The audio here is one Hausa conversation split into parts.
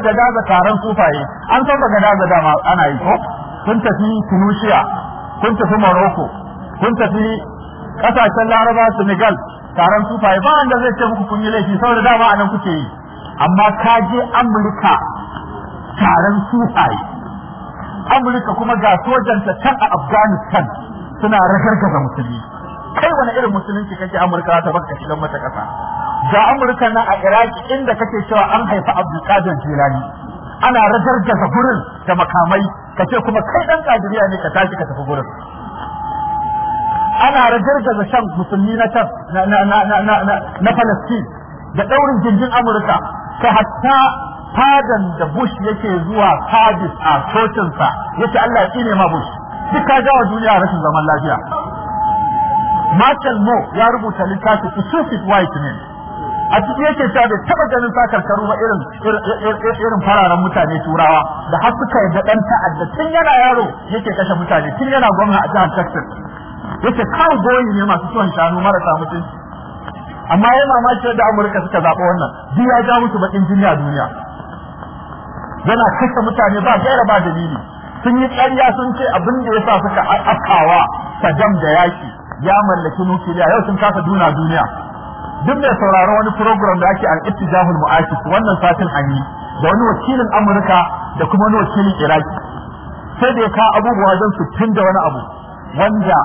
daga gaza taron sufaye an san daga ga dama ana yi ko kun tafi tunisia kun tafi morocco kun tafi kasashen laraba senegal taron sufaye ba wanda zai ce muku kun yi laifi saboda dama anan kuke yi amma ka je amurka taron sufaye amurka kuma ga sojanta ta a afghanistan suna ragargaza musulmi kai wani irin musulunci kake amurka ta baka shigan mata kasa ga amurka na a iraki inda kake cewa an haifa abdulkadir jilani ana rajar da gurin da makamai kace kuma kai dan kadiriya ne ka tashi ka tafi gurin ana rajar da shan musulmi na can na falastin da daurin jirgin amurka ta hatta fadan da bush yake zuwa Habis a cocinsa yace allah ya tsine ma bush duk ka jawa duniya rashin zaman lafiya Marshall Moore ya rubuta littafin Specific White Men a cikin yake ta bai taba ganin karu ba irin irin fararen mutane turawa da har suka yadda dan ta'adda tun yana yaro yake kashe mutane tun yana gwamna a jihar Texas Yake kawo goyi ne masu son shanu marasa mutunci amma yana mamaki da Amurka suka zaɓa wannan duk ya ja musu bakin jini a duniya yana kashe mutane ba gaira ba dalili sun yi ƙarya sun ce abin da ya sa suka wa Saddam da yaki ya mallaki nukiliya yau sun kasa duna duniya duk mai sauraron wani program da ake al-ittijahul mu'akis wannan satin an yi da wani wakilin Amurka da kuma wani wakilin Iraq. sai da ya ka abubuwa don sittin da wani abu wanda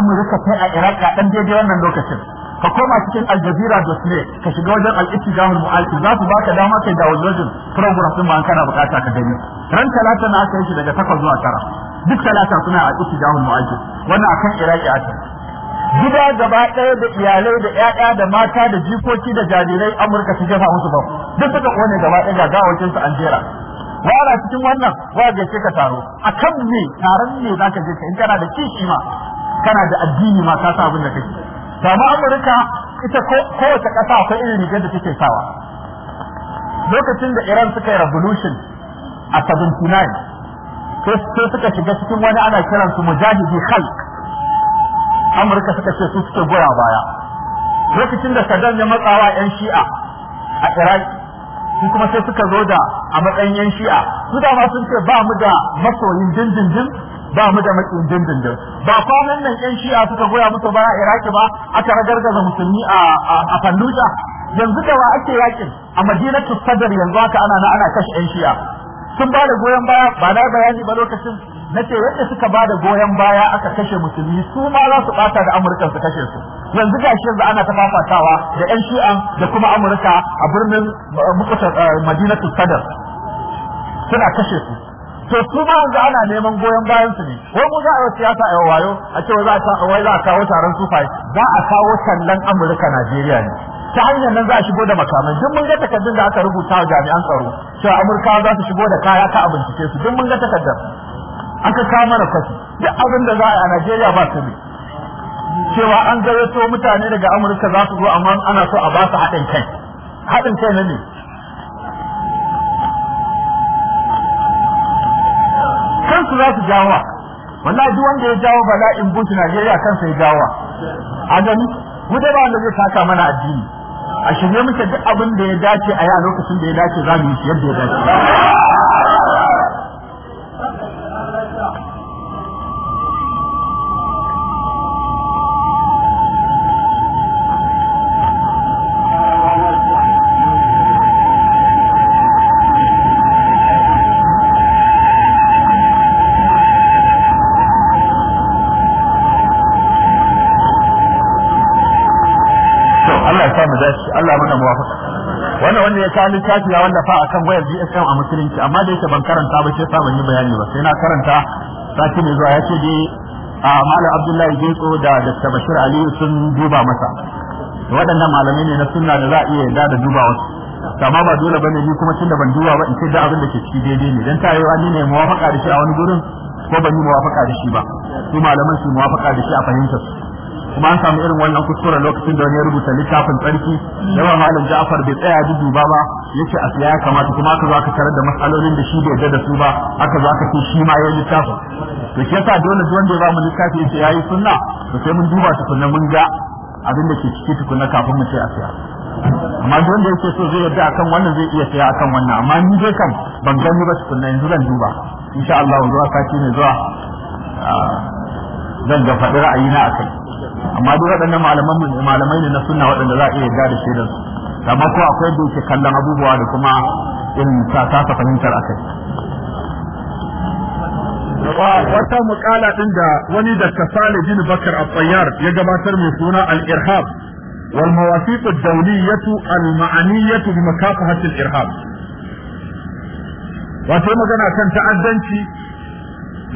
Amurka sai a Iraq a dan daidai wannan lokacin ka koma cikin aljazira da ne ka shiga wajen al-ittijahul mu'alki za su baka dama kai da wajen program din ma kana bukata ka gani ran talata na aka yi daga 8 zuwa 9 duk talata suna a istijahul mu'ajjal wannan akan iraki aka gida gaba ɗaya da iyalai da ƴaƴa da mata da jikoki da jarirai amurka su jefa musu ba duk suka kone gaba ɗaya ga gawakin su an jera wala cikin wannan wa ga ka taro akan me taron ne zaka je ka in kana da kishi ma kana da addini ma ka sa abin da kake amma amurka ita kowace ƙasa akwai irin rigar da take sawa lokacin da iran suka yi revolution a 79 sai suka shiga cikin wani ana kiran su mujahidi khalq amurka suka ce su suke goya baya lokacin da saddam ya matsawa yan shi'a a Iraq, su kuma sai suka zo da a matsayin yan shi'a su ma sun ce ba mu da masoyin dindindin ba mu da matsayin dindindin ba kwanan nan yan shi'a suka goya musu baya a iraki ba aka ragargaza musulmi a fannuja yanzu da wa ake yakin a madinatu sadar yanzu haka ana na ana kashe yan shi'a sun ba da goyon baya ba na bayani ba lokacin na ce yadda suka ba da goyon baya aka kashe musulmi su ma za su bata da amurka su kashe su yanzu ga shi yanzu ana ta fafatawa da yan shi'an da kuma amurka a birnin eh, eh, madinatu sadar suna kashe su to su ma yanzu ana neman goyon bayan su ne wai mu za a yi siyasa a wayo a ce wai za a kawo taron sufai za a kawo tallan amurka najeriya ne ta hanyar nan za a shigo da makamai duk mun ga takardun da aka rubuta wa jami'an tsaro cewa amurkawa za su shigo da kaya ka abincike su duk mun ga takardar aka kawo mana kwafi duk abin da za a yi a najeriya ba su ne cewa an gayyato mutane daga amurka za su zo amma ana so a ba su haɗin kai haɗin kai na ne kansu za su jawa wallahi duk wanda ya jawo bala'in bush najeriya kansa ya jawa a gani mu da ba wanda zai saka mana addini a shirye muke duk abin da ya dace a yi a lokacin da ya dace za mu yi yadda ya dace ne ya ka littafi wanda wallafa akan wayar GSM a musulunci amma da yake ban karanta ba sai saban yi bayani ba sai na karanta sati mai zuwa yace dai a Malam Abdullahi Getso da Dr. Bashir Ali sun duba masa waɗannan malamai ne na sunna da za a iya yarda da duba wasu amma ba dole bane ni kuma tunda ban duba ba in ce da abin da ke ciki daidai ne dan tayewa wani ne muwafaka da shi a wani gurin ko ban yi muwafaka da shi ba su malaman su muwafaka da shi a fahimtar su kuma an samu irin wannan kuskure lokacin da wani ya rubuta littafin tsarki yawan malam Ja'far bai tsaya dudu duba ba yace a ya kamata kuma ka zaka aka tarar da matsalolin da shi bai yarda da su ba aka za ka ce shi ma yayi littafin to ke yasa dole duk wanda ya bamu littafi yace yayi sunna to sai mun duba tukunna mun ga abin da ke ciki tukunna kafin mu ce a tsaya amma duk wanda yake so zai yarda akan wannan zai iya tsaya akan wannan amma ni dai kam ban gani ba tukunna yanzu zan duba insha Allah zuwa sati ne zuwa ah, zan ga faɗi ra'ayina kai. amma duk waɗannan malamai ne na suna waɗanda za a iya yarda da shaidar su amma ko akwai da yake kallon abubuwa da kuma irin ta kasa fahimtar akai wata mukala din da wani da kasale bin bakar al ya gabatar mai suna al-irhab wal mawasiq ad-dawliyyah al-ma'aniyyah bi makafahat al-irhab wato magana kan ta'addanci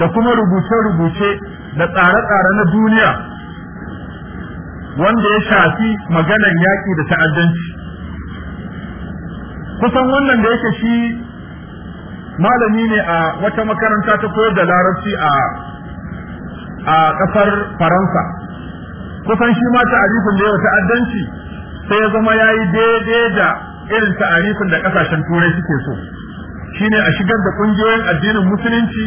da kuma rubuce-rubuce da tsare-tsare na duniya wanda ya shafi maganar yaƙi da ta'addanci kusan wannan da yake shi malami ne a wata makaranta ta koyar da larabci a a ƙasar faransa kusan shi ma ta'arifin da yawa ta'addanci sai ya zama ya yi daidai da irin ta'arifin da ƙasashen turai suke so shine a shigar da ƙungiyoyin addinin musulunci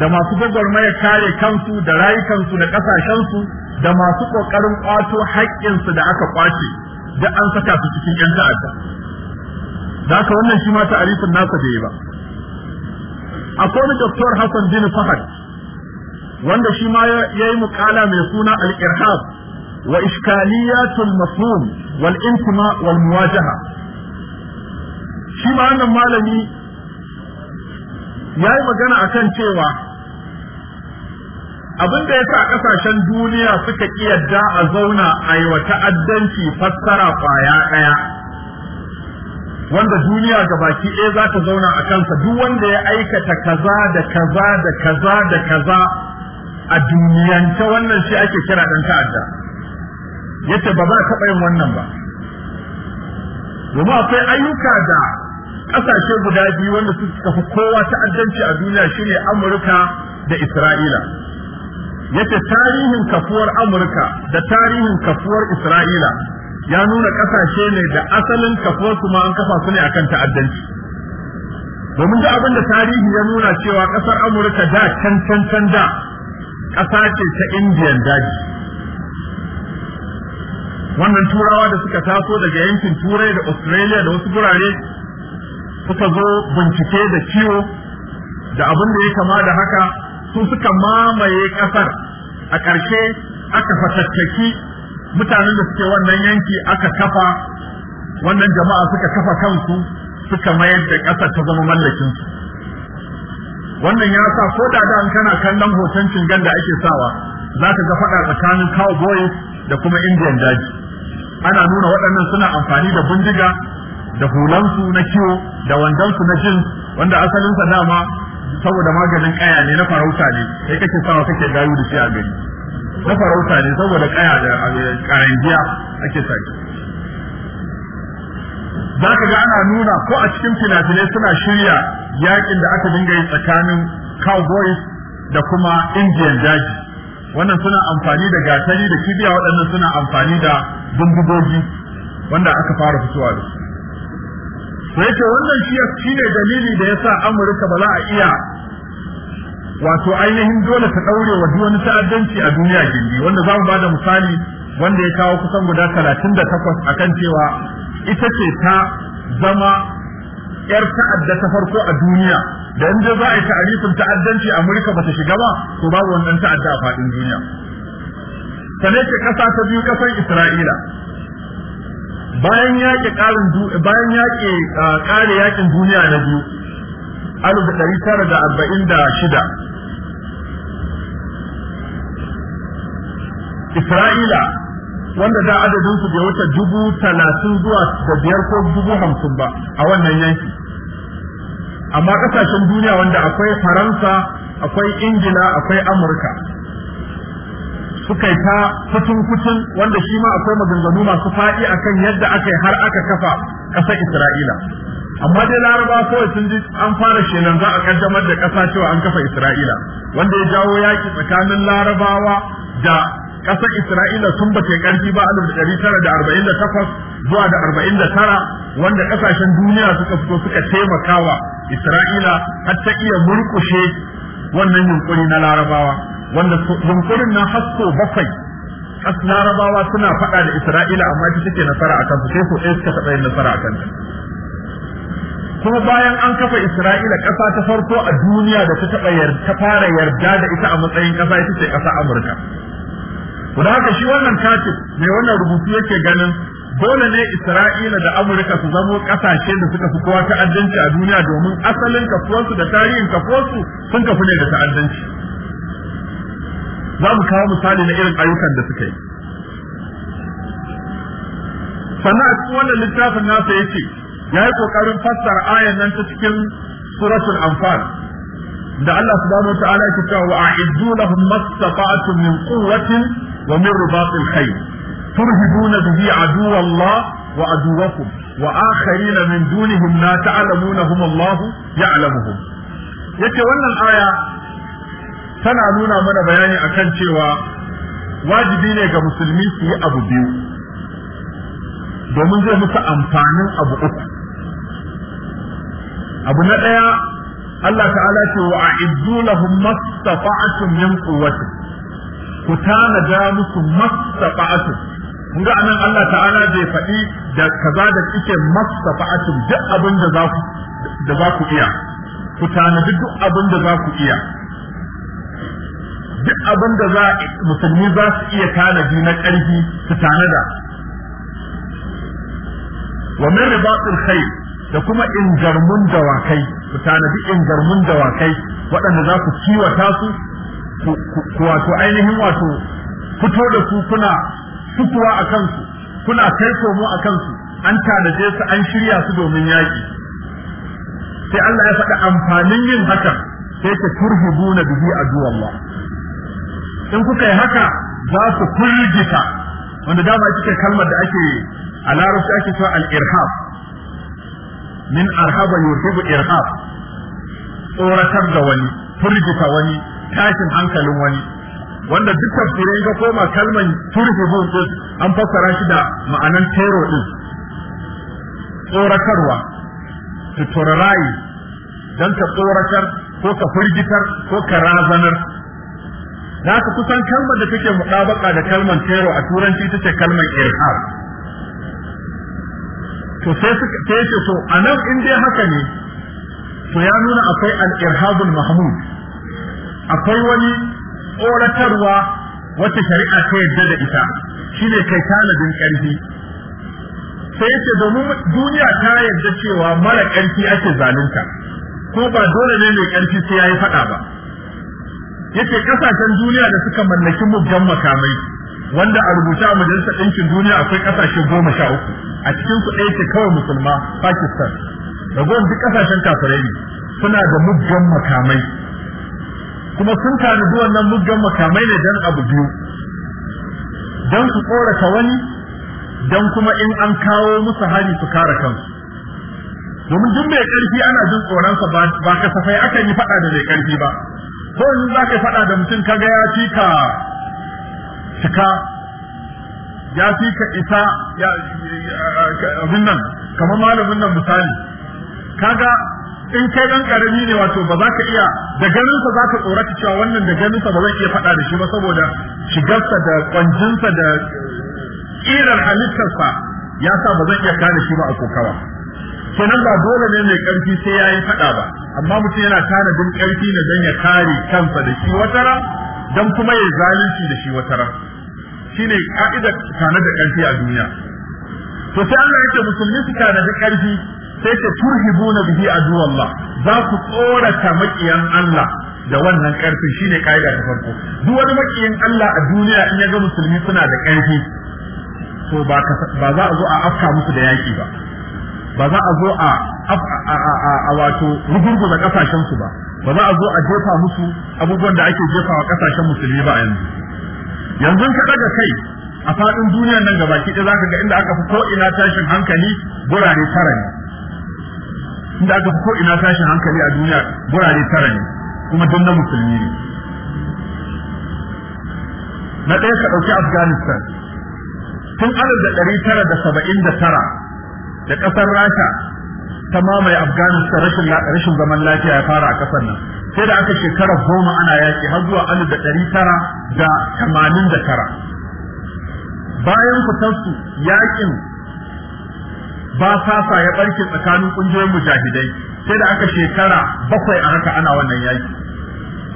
da masu gwagwarmaya kare kansu da rayukansu da kasashensu da masu kokarin kwato haƙƙinsu da aka kwace da an saka su cikin yan ta'adda da haka wannan shi ma ta'arifin nasa yi ba akwai wani doktor Hassan bin Fahad wanda shi ma ya yi mukala mai suna al-irhab wa iskaliyatul mafhum wal intima wal muwajaha shi ma wannan malami ya yi magana a kan cewa abin da ya sa ƙasashen duniya suka ƙi yadda a zauna a yi wa ta'addanci fassara ƙwaya ɗaya wanda duniya ga baki ɗaya za ta zauna a kansa duk wanda ya aikata kaza da kaza da kaza da kaza a duniyanta wannan shi ake kira ɗan ta'adda yace ba za ka yin wannan ba domin akwai ayyuka da kasashe guda biyu wanda suka fi kowa ta'addanci a duniya shine Amurka da Isra'ila yace tarihin kafuwar Amurka da tarihin kafuwar Isra'ila ya nuna kasashe ne da asalin kafuwar kuma ma an kafa su ne akan ta'addanci domin da abin da tarihi ya nuna cewa kasar Amurka da can can can da kasa ce ta Indiyan daji wannan turawa da suka taso daga yankin turai da australia da wasu gurare suka zo bincike da kiwo da abin da ya kama da haka su suka mamaye kasar a ƙarshe aka fatattaki mutanen da suke wannan yanki aka kafa wannan jama'a suka kafa kansu suka mayar da ƙasar ta zama mallakinsu wannan ya sa ko da da kana kallon hoton cingan da ake sawa za ka ga faɗa tsakanin cowboys da kuma indian daji ana nuna waɗannan suna amfani da bindiga da hulansu na kiwo da wandansu na jin wanda asalinsa dama saboda maganin kaya ne na farauta ne sai kake sawa kake gayu da shi a gari na farauta ne saboda kaya da karangiya ake sai za ka ga ana nuna ko a cikin finafinai suna shirya yakin da aka dinga yi tsakanin cowboys da kuma indian daji wannan suna amfani da gatari da kibiya waɗannan suna amfani da dumbugogi wanda aka fara fitowa da su yace wannan shi ne dalili da ya sa Amurka ba za a iya wato ainihin dole ta ɗaure wa duk wani ta'addanci a duniya gindi wanda za mu bada misali wanda ya kawo kusan guda talatin da takwas a kan cewa ita ce ta zama yar ta'adda ta farko a duniya da in za a yi ta'arifin ta'addanci Amurka ba ta shiga ba to babu wannan ta'adda a faɗin duniya sanai ce ƙasa ta biyu ƙasar Isra'ila bayan yaƙi karin bayan yake kare yaƙin duniya na biyu alif da ɗari tara da arba'in da shida Isra'ila wanda da adadin su bai wuce dubu talatin zuwa da biyar ko dubu hamsin ba a wannan yanki amma ƙasashen duniya wanda akwai Faransa akwai Ingila akwai Amurka suka yi ta kutun kutun wanda shi ma akwai maganganu masu faɗi akan yadda aka yi har aka kafa ƙasar Isra'ila amma dai laraba kawai sun ji an fara shenan za a ƙaddamar da ƙasa cewa an kafa Isra'ila wanda ya jawo yaƙi tsakanin larabawa da ƙasar Isra'ila sun ba ta ƙarfi ba alif da ɗari tara da arba'in da takwas zuwa da arba'in da tara wanda ƙasashen duniya suka fito suka taimakawa Isra'ila har ta iya murƙushe wannan yunƙuri na larabawa wanda yunkurin na hasko bakwai as larabawa suna faɗa da isra'ila amma ita take nasara a kansu sai su ɗaya suka taɓa yin nasara a ta kuma bayan an kafa isra'ila ƙasa ta farko a duniya da ta taɓa ta fara yarda da ita a matsayin ƙasa ita ce ƙasa amurka to haka shi wannan katin mai wannan rubutu yake ganin dole ne isra'ila da amurka su zamo ƙasashe da suka fi kowa ta'addanci a duniya domin asalin kafuwarsu da tarihin kafuwarsu sun kafu ne da ta'addanci za mu kawo misali na irin ayyukan da suka yi sannan a cikin wannan littafin nasa ya ce ya yi ƙoƙarin fassara ayan nan ta cikin suratul anfal da Allah subhanahu wa ta'ala yake cewa a'iddu lahum mastata'tum min quwwatin wa min ribatil khayr turhibuna bihi aduwwa Allah wa aduwwakum wa akharin min dunihim la ta'lamunahum Allah ya'lamuhum yace wannan aya tana nuna mana bayani akan cewa wajibi ne ga musulmi su yi abu biyu domin zai musu amfanin abu uku abu na ɗaya Allah ta'ala ce wa a'iddu lahum mastafa'atun min quwwati ku tanada musu mastafa'atun kun ga anan Allah ta'ala zai faɗi da kaza da kike mastafa'atun duk abin da za ku da za iya ku tanadi duk abin da za ku iya duk abin da za musulmi za su iya tanadi na ƙarfi su tanada wa min ribatul khayr da kuma ingarmun dawakai su tanadi ingarmun dawakai waɗanda za ku kiwata su ku wato ainihin wato fito da su kuna fitowa a kansu kuna kai komo a kansu an tanaje su an shirya su domin yaƙi sai Allah ya faɗa amfanin yin hakan sai ta turhibuna bihi aduwallah in kuka yi haka za su firgita wanda dama kike kalmar da ake a larabci ake cewa al-irhab min arhaba yurhibu irhab tsoratar da wani firgita wani tashin hankalin wani wanda duk tafsirin ga koma kalman ko an fassara shi da ma'anan tero din tsoratarwa to don ta tsoratar ko ka firgitar ko ka razanar za su kusan kalmar da take mutabaka da kalmar tero a turanci ta ce kalmar irhab to sai suka ce ce to nan in dai haka ne to ya nuna akwai al-irhabul mahmud akwai wani tsoratarwa wata shari'a ta yadda da ita shine kai tanadin ƙarfi. sai ce domin duniya ta yadda cewa mara ƙarfi ake zalunta ko ba dole ne mai ƙarfi sai yayi faɗa ba yace kasashen duniya da suka mallaki muggan makamai wanda a rubuta a majalisar ɗinkin duniya akwai kasashe goma sha uku a cikin su ɗaya ce kawai musulma Pakistan ragowar duk kasashen kafirai suna da muggan makamai kuma sun tanadi wannan muggan makamai ne dan abu biyu dan su tsorata wani dan kuma in an kawo musu hari su kare kansu domin duk mai ƙarfi ana jin tsoron sa ba kasafai aka yi faɗa da mai karfi ba ko in za ka faɗa da mutum kaga ya fi ka cika ya fi ka isa ya abin nan kamar malamin nan misali kaga in kai dan karami ne wato ba za ka iya da ganinsa za ka tsorata cewa wannan da ganinsa ba zai iya faɗa da shi ba saboda shigarsa da kwanjinsa da ƙirar halittarsa ya sa ba zan iya kare shi ba a kokawa kenan ba dole ne mai ƙarfi sai ya yi faɗa ba amma mutum yana tanadin ƙarfi ne don ya kare kansa da shi wata ran don kuma ya zalunci da shi wata ran shine tana da ƙarfi a duniya to sai Allah yake musulmi su da karfi sai ta turhibuna bihi Allah za ku tsorata maƙiyan Allah da wannan ƙarfin shine ka'ida ta farko duk wani maƙiyin Allah a duniya in ya ga musulmi suna da karfi to ba za a zo a afka musu da yaƙi ba ba za a zo a wato rugurguza kasashen su ba ba za a zo a jefa musu abubuwan da ake jefa wa kasashen musulmi ba yanzu yanzu ka daga kai a faɗin duniya nan gabaki ɗaya zaka ga inda aka fi ko ina tashin hankali gurare tara ne inda aka fi ko ina tashin hankali a duniya gurare tara ne kuma don na musulmi ne na ɗaya ka ɗauki afghanistan tun alif da ɗari tara da saba'in da tara da ƙasar rasha ta mamaye afghanistan rashin rashin zaman lafiya ya fara a ƙasar nan sai da aka shekara goma ana yaƙi har zuwa alif da ɗari tara da tamanin da tara bayan fitarsu yakin ba sasa ya barke tsakanin ƙungiyoyin mujahidai sai da aka shekara bakwai a haka ana wannan yaƙi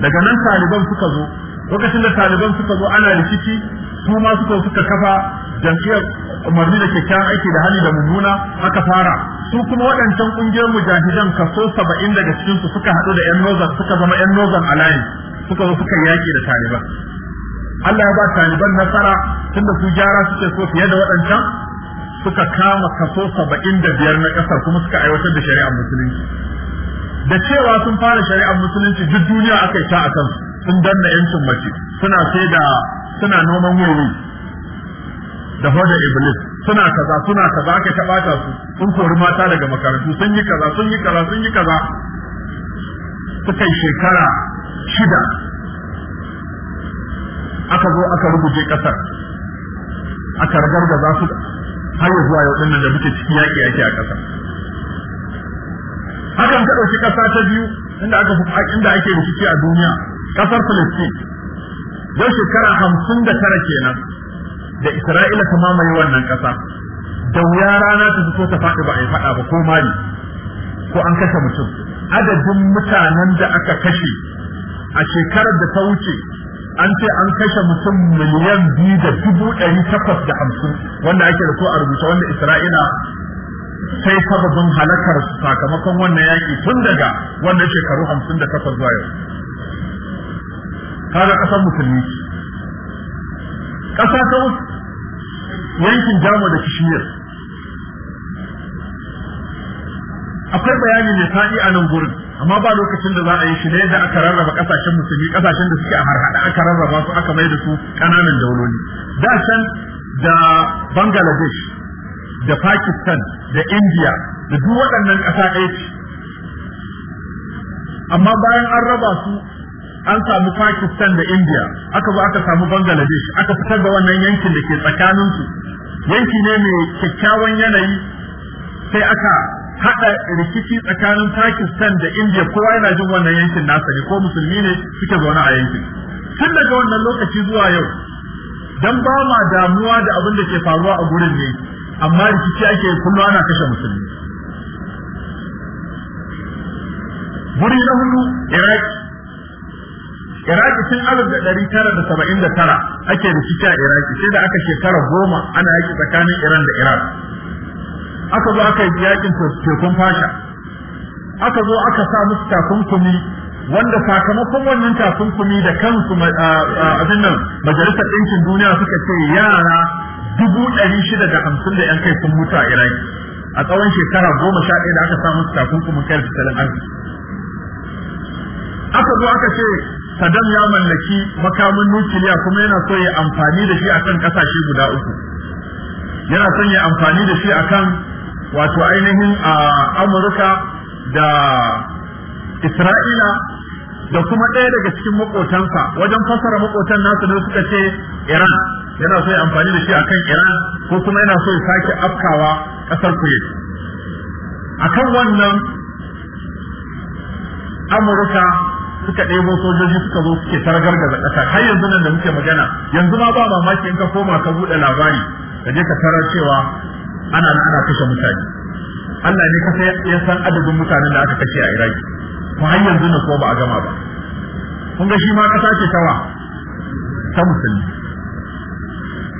daga nan taliban suka zo lokacin da taliban suka zo ana rikici su ma suka suka kafa jam'iyyar umarni da kyakkyawan aiki da hali da mummuna aka fara su kuma waɗancan ƙungiyar mujahidan kaso saba'in daga cikinsu suka haɗu da yan nozan suka zama yan nozan alayi suka zo suka yaƙi da taliban Allah ya ba taliban nasara tunda su gyara suke so fiye da waɗancan suka kama kaso saba'in da biyar na ƙasar kuma suka aiwatar da shari'ar musulunci da cewa sun fara shari'ar musulunci duk duniya aka yi ta a kansu sun danna yancin mace suna sai da suna noman wuri da hodar iblis suna kaza suna kaza aka bata su sun kori mata daga makarantu sun yi kaza sun yi kaza sun yi kaza suka yi shekara shida aka zo aka rubuce kasar aka za su har yă zuwa yau dinnan da muke ciki yaƙi yaƙi a ƙasa hakan ta ɗauki ƙasa ta biyu inda aka inda ake rikici a duniya ƙasar Filistin yau shekara hamsin da tara kenan da Isra'ila ta mamaye wannan ƙasa da wuya rana ta fito ta faɗi ba a yi faɗa ba ko mali ko an kashe mutum adadin mutanen da aka kashe a shekarar da ta wuce an ce an kashe mutum miliyan biyu da dubu ɗari takwas da hamsin wanda ake da ko a rubuta wanda Isra'ila sai sababin halakar sakamakon wannan yaƙi tun daga wannan shekaru hamsin da takwas zuwa yau. Kaga ƙasar musulmi. Ƙasa ta yankin Jamus da kishiyar akwai bayani mai faɗi a nan gurin amma ba lokacin da za a yi shi da yadda aka rarraba kasashen musulmi kasashen da suke a harhaɗa aka rarraba su aka mai da su ƙananan dauloli da can da bangladesh da pakistan da india da duk waɗannan ƙasa ɗaya ce amma bayan an raba su an samu pakistan da india aka zo aka samu bangladesh aka fitar da wannan yankin da ke tsakaninsu yanki ne mai kyakkyawan yanayi sai aka hada rikici tsakanin Pakistan da India kowa yana jin wannan yankin nasa ne ko musulmi ne suke zaune a yankin tun daga wannan lokaci zuwa yau dan ba ma damuwa da abin da ke faruwa a gurin ne amma rikici ake kullum ana kashe musulmi guri na hudu Iraq iraki tun alif da ɗari tara da saba'in da tara ake da a iraki sai da aka shekara goma ana yaki tsakanin iran da iraq aka zo aka yi yakin tekun fasha aka zo aka sa musu takunkumi wanda sakamakon wannan takunkumi da kansu abin nan majalisar ɗinkin duniya suka ce yara dubu ɗari shida da hamsin da yan kai sun mutu a iraki a tsawon shekara goma sha ɗaya da aka sa musu takunkumin kai da tattalin arziki aka zo aka ce Saddam ya mallaki makamin nukiliya kuma yana so ya amfani da shi akan kasashe guda uku yana son ya amfani da shi akan wato ainihin a Amurka da Isra'ila da kuma ɗaya daga cikin makotansa wajen fasara makotan nasu da suka ce Iran yana so ya amfani da shi akan Iran ko kuma yana so ya sake afkawa ƙasar Kuwait akan wannan Amurka suka ɗebo sojoji suka zo suke targargaza ƙasa har yanzu nan da muke magana yanzu ma ba mamaki in ka koma ka buɗe labari ka je ka tarar cewa ana ana kashe mutane Allah ne kasa ya san adadin mutanen da aka kashe a Iraki ko har yanzu na ko ba a gama ba kun ga shi ma kasa ce tawa ta musulmi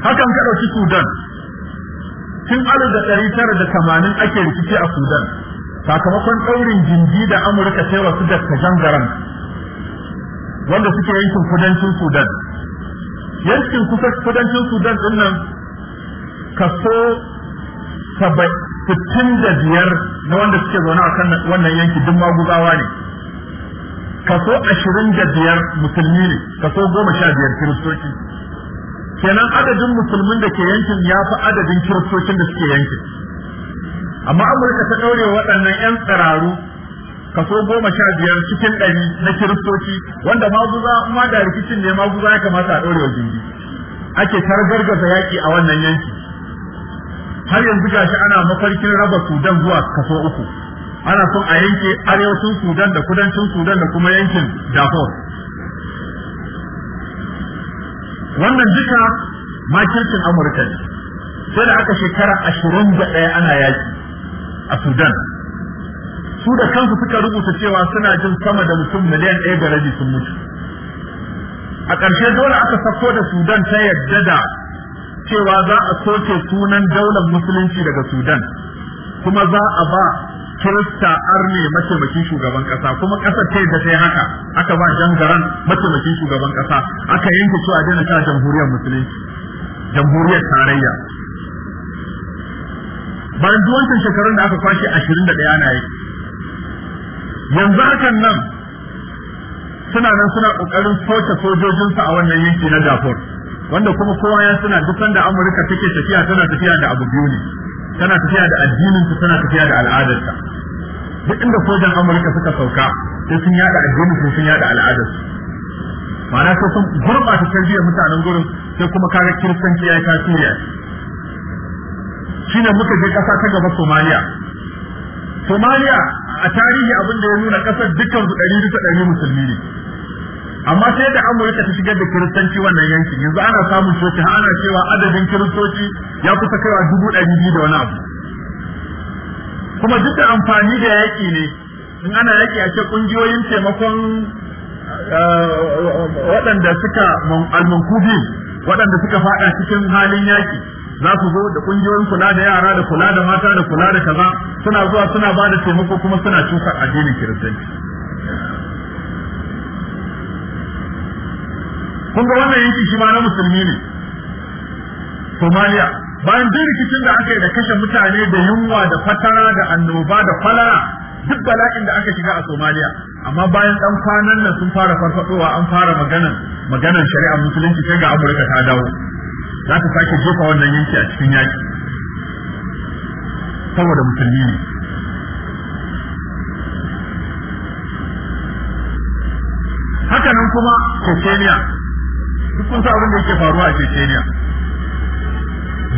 hakan ka ɗauki Sudan tun alu da ɗari tara da tamanin ake rikici a Sudan sakamakon ɗaurin jinji da Amurka sai wasu da ta wanda suke yankin kudancin Sudan yankin kudancin Sudan din nan kaso sittin da biyar na wanda suke zaune a kan wannan yanki duk maguzawa ne kaso ashirin da biyar musulmi ne kaso goma sha biyar kiristoci kenan adadin musulmin da ke yankin ya fi adadin kiristocin da suke yankin amma amurka ta ɗaure waɗannan 'yan tsiraru kaso goma sha biyar cikin ɗari na kiristoci wanda maguza ma da rikicin ne maguza ya kamata a ɗorewa jirgi. Ake ake targargaza yaƙi a wannan yanki har yanzu gashi ana mafarkin raba sudan zuwa kaso uku ana son a yanke arewacin sudan da kudancin sudan da kuma yankin darfur wannan duka makircin amurka sai da aka shekara ashirin da ɗaya ana yaƙi a sudan su da kansu suka rubuta cewa suna jin sama da mutum miliyan ɗaya da rabi sun mutu a ƙarshe dole aka sako da sudan ta yadda da cewa za a soke sunan daular musulunci daga sudan kuma za a ba kirista arne mataimakin shugaban kasa kuma kasar ta yadda ta yi haka aka ba jangaran mataimakin shugaban kasa aka yanke cewa daina ta jamhuriyar musulunci jamhuriyar tarayya bayan duwancin shekarun da aka kwashe ashirin da ɗaya na yi yanzu hakan nan suna nan suna kokarin soke sojojinsu a wannan yanki na Darfur wanda kuma kowa ya suna duk sanda Amurka take tafiya tana tafiya da abu biyu ne tana tafiya da addinin ta tana tafiya da al'adarta duk inda sojan Amurka suka sauka sai sun yada addinin su sun yada al'adar su ma'ana sai sun gurbata tarbiyyar mutanen gurin sai kuma kaga kiristanci ya yi tasiri shine muka je kasa ta gaba Somalia Somalia a tarihi abin da ya nuna kasar dukkan su ɗari bisa ɗari musulmi ne amma sai da amurka ta shigar da kiristanci wannan yankin yanzu ana samun coci ana cewa adadin kiristoci ya kusa kaiwa dubu ɗari biyu da wani abu kuma duk da amfani da yaƙi ne in ana yaƙi a ce ƙungiyoyin taimakon eh, waɗanda suka almankubi waɗanda suka faɗa cikin halin yaƙi za su zo da ƙungiyoyin kula da yara da kula da mata da kula da kaza suna zuwa suna ba da taimako kuma suna cuka addinin kiristanci kun ga wannan yanki shi ma na musulmi ne Somalia bayan duk rikicin da aka yi da kashe mutane da yunwa da fatara da annoba da kwalara duk bala'in da aka shiga a Somalia amma bayan dan kwanan nan sun fara farfadowa an fara maganan maganan shari'a musulunci sai ga Amurka ta dawo za ta sake jefa wannan yanki a cikin yaki saboda musulmi ne haka nan kuma Chechnya duk kun abin da yake faruwa a Chechnya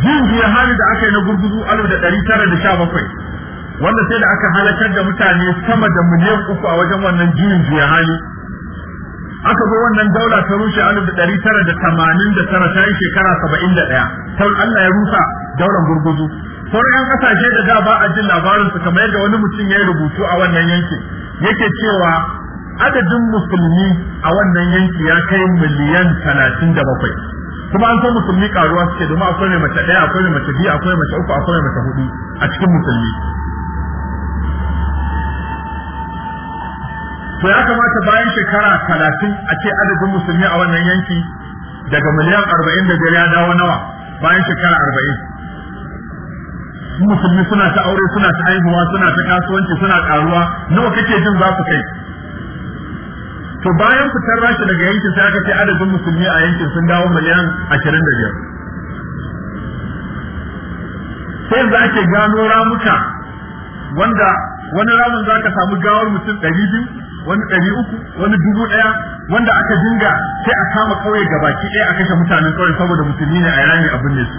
jin hali da aka yi na gurguzu alif da ɗari tara da sha bakwai wanda sai da aka halakar da mutane sama da miliyan uku a wajen wannan juyin juya hali aka zo wannan daula ta rushe alif da ɗari tara da tamanin da tara ta yi shekara saba'in da ɗaya ta Allah ya rusa daular gurguzu sauran kasashe da da ba a jin labarin su kamar yadda wani mutum ya yi rubutu a wannan yanki yake cewa adadin musulmi a wannan yanki ya kai miliyan talatin da bakwai kuma an san musulmi karuwa suke domin akwai mai mace ɗaya akwai mai mace biyu akwai mace uku akwai mace hudu a cikin musulmi to ya kamata bayan shekara talatin a ce adadin musulmi a wannan yanki daga miliyan arba'in da biyar ya dawo nawa bayan shekara arba'in musulmi suna ta aure suna ta haihuwa suna ta kasuwanci suna karuwa nawa kake jin za ku kai to bayan fitar rashi daga yankin sai aka ce adadin musulmi a yankin sun dawo miliyan ashirin da biyar sai za ake gano ramuka wanda wani ramin za ka samu gawar mutum ɗari biyu wani ɗari uku wani dubu ɗaya wanda aka dinga sai a kama ƙauye gabaki ɗaya a kashe mutanen ƙauye saboda musulmi ne a yanayi abin ne su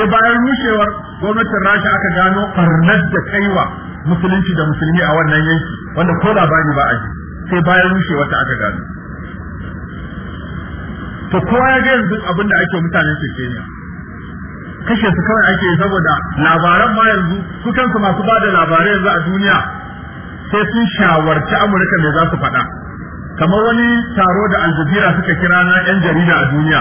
sai bayan rushewar gwamnatin rasha aka gano farnar da kaiwa musulunci da musulmi a wannan yanki wanda ko labari ba a ji sai bayan rushe wata aka gano to kowa ya ga yanzu abin da ake mutanen kekeniya, kashe su kawai ake saboda labaran ma yanzu su kansu masu ba da labarai yanzu a duniya sai sun shawarci Amurka mai za su faɗa kamar wani taro da Aljazeera suka kira na yan jarida a duniya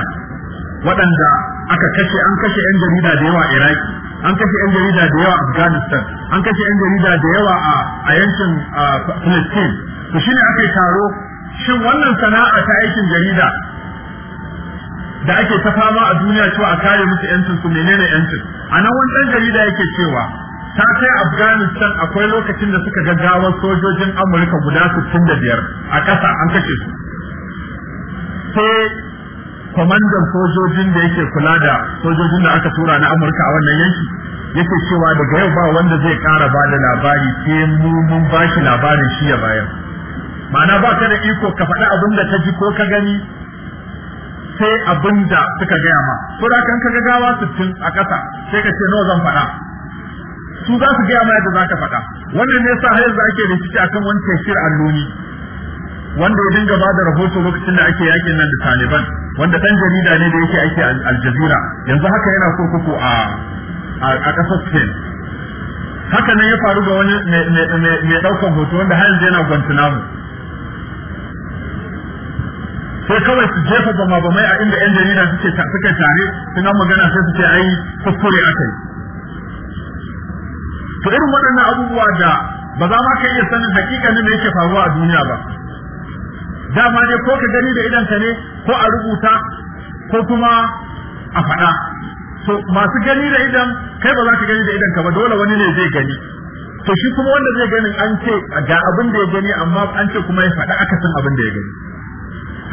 waɗanda aka kashe an kashe yan jarida da yawa Iraki an kashe yan jarida da yawa a Afghanistan an kashe yan jarida da yawa a yankin Palestine to shine aka taro shin wannan sana'a ta aikin jarida da ake ta fama a duniya cewa a kare musu yancin su menene yancin a nan wani dan jarida yake cewa ta kai Afghanistan akwai lokacin da suka gaggawa sojojin Amurka guda 65 a ƙasa an kashe su sai kwamandan sojojin da yake kula da sojojin da aka tura na amurka a wannan yanki yake cewa daga yau ba wanda zai kara ba da labari sai mu mun ba shi labarin shi ya bayar ma'ana ba ka da iko ka faɗi abin da ta ji ko ka gani sai abin da suka gaya ma ko da kan kaga gawa tun a ƙasa sai ka ce nawa zan faɗa su za su gaya ma yadda za ka faɗa wannan ne yasa har yanzu ake rikici akan wani tafsir alloni wanda ya dinga ba da rahoto lokacin da ake yakin nan da taliban wanda dan jarida ne da yake aiki a Al yanzu haka yana kuku a a kasar Spain haka nan ya faru ga wani mai daukan hoto wanda har yanzu yana Guantanamo sai kawai su jefa ba bamai a inda yan jarida suke suke tare sun magana sai suke ai kuskure akai to irin waɗannan abubuwa da ba za ma ka iya sanin ne me yake faruwa a duniya ba dama ne ko ka gani da idan ka ne ko a rubuta ko kuma a faɗa to masu gani da idan kai ba za ka gani da idan ka ba dole wani ne zai gani to shi kuma wanda zai gani an ce ga abin da ya gani amma an ce kuma ya faɗa san abin da ya gani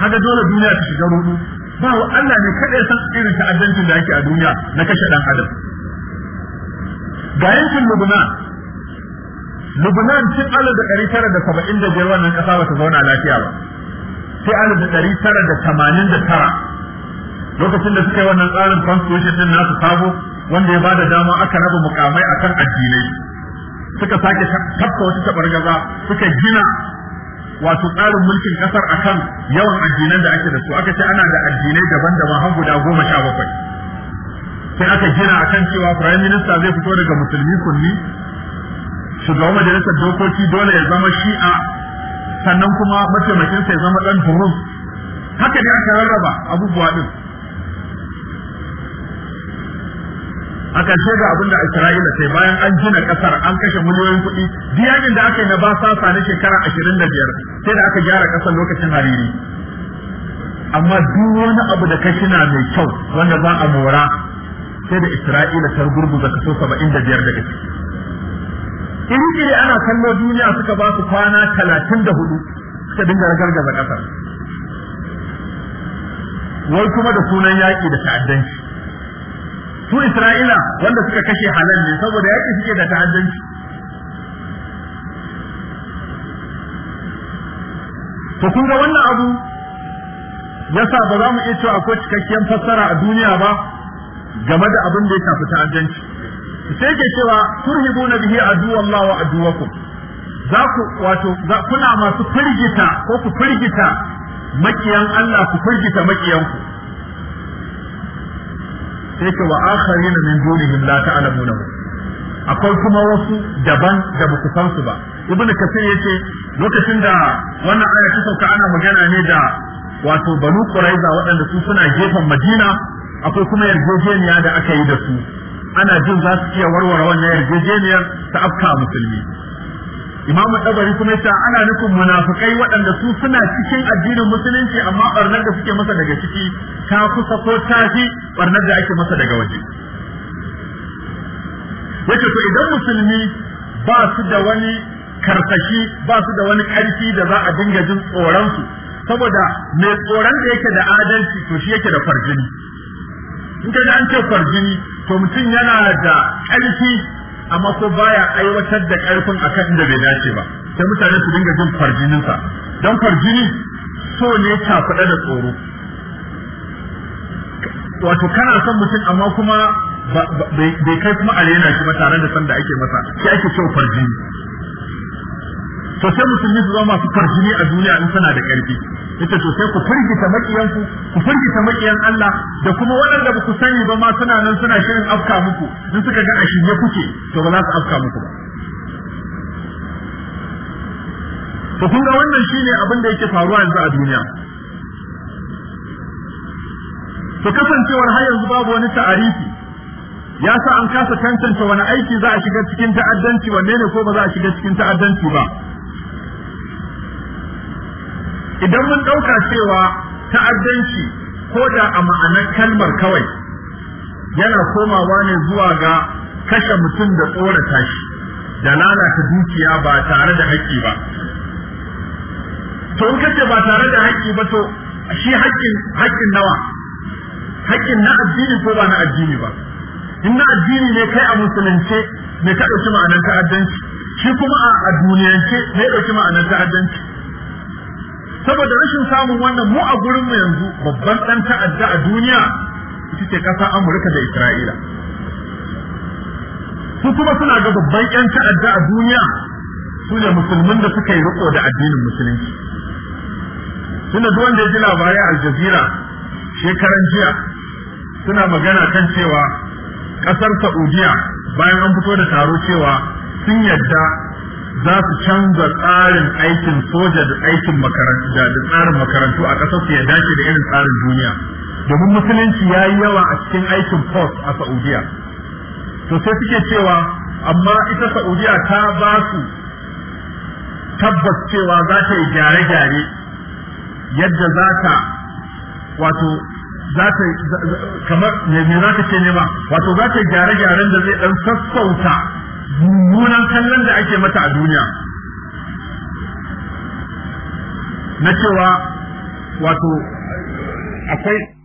haka dole duniya ta shiga rudu ba wa Allah ne kada ya san irin ta'addancin da yake a duniya na kashe dan adam ga yankin Lubnan Lubnan cin Allah da 975 wannan kasa ba ta zauna lafiya ba sai alif da ɗari tara da tamanin da tara lokacin da suka yi wannan tsarin constitution din nasu sabo wanda ya bada dama aka raba mukamai akan addinai suka sake tafka wata tabar gaza suka gina wato tsarin mulkin kasar akan yawan addinan da ake da su aka ce ana da addinai daban-daban har guda goma sha bakwai sai aka gina akan cewa prime minister zai fito daga musulmi kunni shugaban majalisar dokoki dole ya zama shi'a sannan kuma mataimakin sai zama dan burus haka ne aka rarraba abubuwa din a ƙarshe ga abin da Isra'ila sai bayan an gina ƙasar an kashe miliyoyin kuɗi diyanin da aka yi na ba sasa na shekara ashirin da sai da aka gyara ƙasar lokacin hariri amma duk wani abu da ka na mai kyau wanda za a mora sai da Isra'ila ta gurguza kaso 75 daga ciki kirkiri ana kallo duniya suka ba su kwana talatin da hudu suka dinga gargaza ƙasa, wai kuma da sunan yaƙi da ta'addanci su isra'ila wanda suka kashe halal ne saboda yaƙi suke da ta'addanci to kun ga wannan abu yasa ba za mu iya cewa akwai cikakkiyar fassara a duniya ba game da abin da ya shafi ta'addanci sai ke cewa turhibuna bihi aduwallahi wa aduwakum za ku wato kuna masu firgita ko ku firgita makiyan Allah ku firgita makiyanku sai ce wa akharin min dunihim la ta'lamuna akwai kuma wasu daban da ba ku san su ba ibnu kasir yace lokacin da wannan aya ta sauka ana magana ne da wato banu quraiza waɗanda su suna gefen madina akwai kuma yarjejeniya da aka yi da su ana jin za su iya warware wannan yarjejeniyar ta afka musulmi imamu dabari kuma yace ana nufin munafikai waɗanda su suna cikin addinin musulunci amma barnar da suke masa daga ciki ta kusa ko ta fi barnar da ake masa daga waje yace to idan musulmi ba su da wani karsashi ba su da wani karfi da za a dinga jin tsoron su saboda mai tsoron da yake da adalci to shi yake da farjini in ka an ce farjini to mutum yana da ƙarfi amma ko baya aiwatar da ƙarfin akan inda bai dace ba sai mutane su dinga jin farjininsa don farjini so ne faɗa da tsoro wato kana son mutum amma kuma bai kai kuma a rena shi ba tare da sanda da ake masa shi ake kyau farjini to sai musulmi su zama masu farjini a duniya in suna da ƙarfi ita to sai ku firgita makiyanku ku firgita makiyan Allah da kuma waɗanda ba ku sani ba ma suna nan suna shirin afka muku in suka ga a shirye kuke to ba za su afka muku ba to kun ga wannan shine abin da yake faruwa yanzu a duniya to kasancewar har yanzu babu wani ta'arifi ya sa an kasa tantance wani aiki za a shiga cikin ta'addanci wanne ne ko ba za a shiga cikin ta'addanci ba idan mun ɗauka cewa ta'addanci ko da a ma'anar kalmar kawai yana komawa ne zuwa ga kashe mutum da tsorata shi da lalata dukiya ba tare da haƙƙi ba to in kace ba tare da haƙƙi ba to shi haƙƙin haƙƙin nawa haƙƙin na addini ko ba na addini ba in na addini ne kai a musulunce ne ka ɗauki ma'anar ta'addanci shi kuma a duniyance ne ɗauki ma'anar ta'addanci saboda rashin samun wannan mu a gurin mu yanzu babban dan ta'adda a duniya ita ce kasa Amurka da Isra'ila su kuma suna ga babban yan ta'adda a duniya su ne musulmin da suka yi riko da addinin musulunci suna duk wanda ya ji labarai Al Jazeera shekaran jiya suna magana kan cewa kasar Saudiya bayan an fito da taro cewa sun yadda za su canza tsarin aikin soja da aikin makarantu da tsarin makarantu a ƙasar su ya dace da irin tsarin duniya domin musulunci ya yi yawa a cikin aikin post a saudiya to sai suke cewa amma ita saudiya ta ba su tabbas cewa za ta yi gyare-gyare yadda za ta wato za ta kamar ne za ta ce ne ba wato za ta yi gyare-gyaren da zai dan sassauta mummunan kallon da ake mata a duniya na cewa wato akwai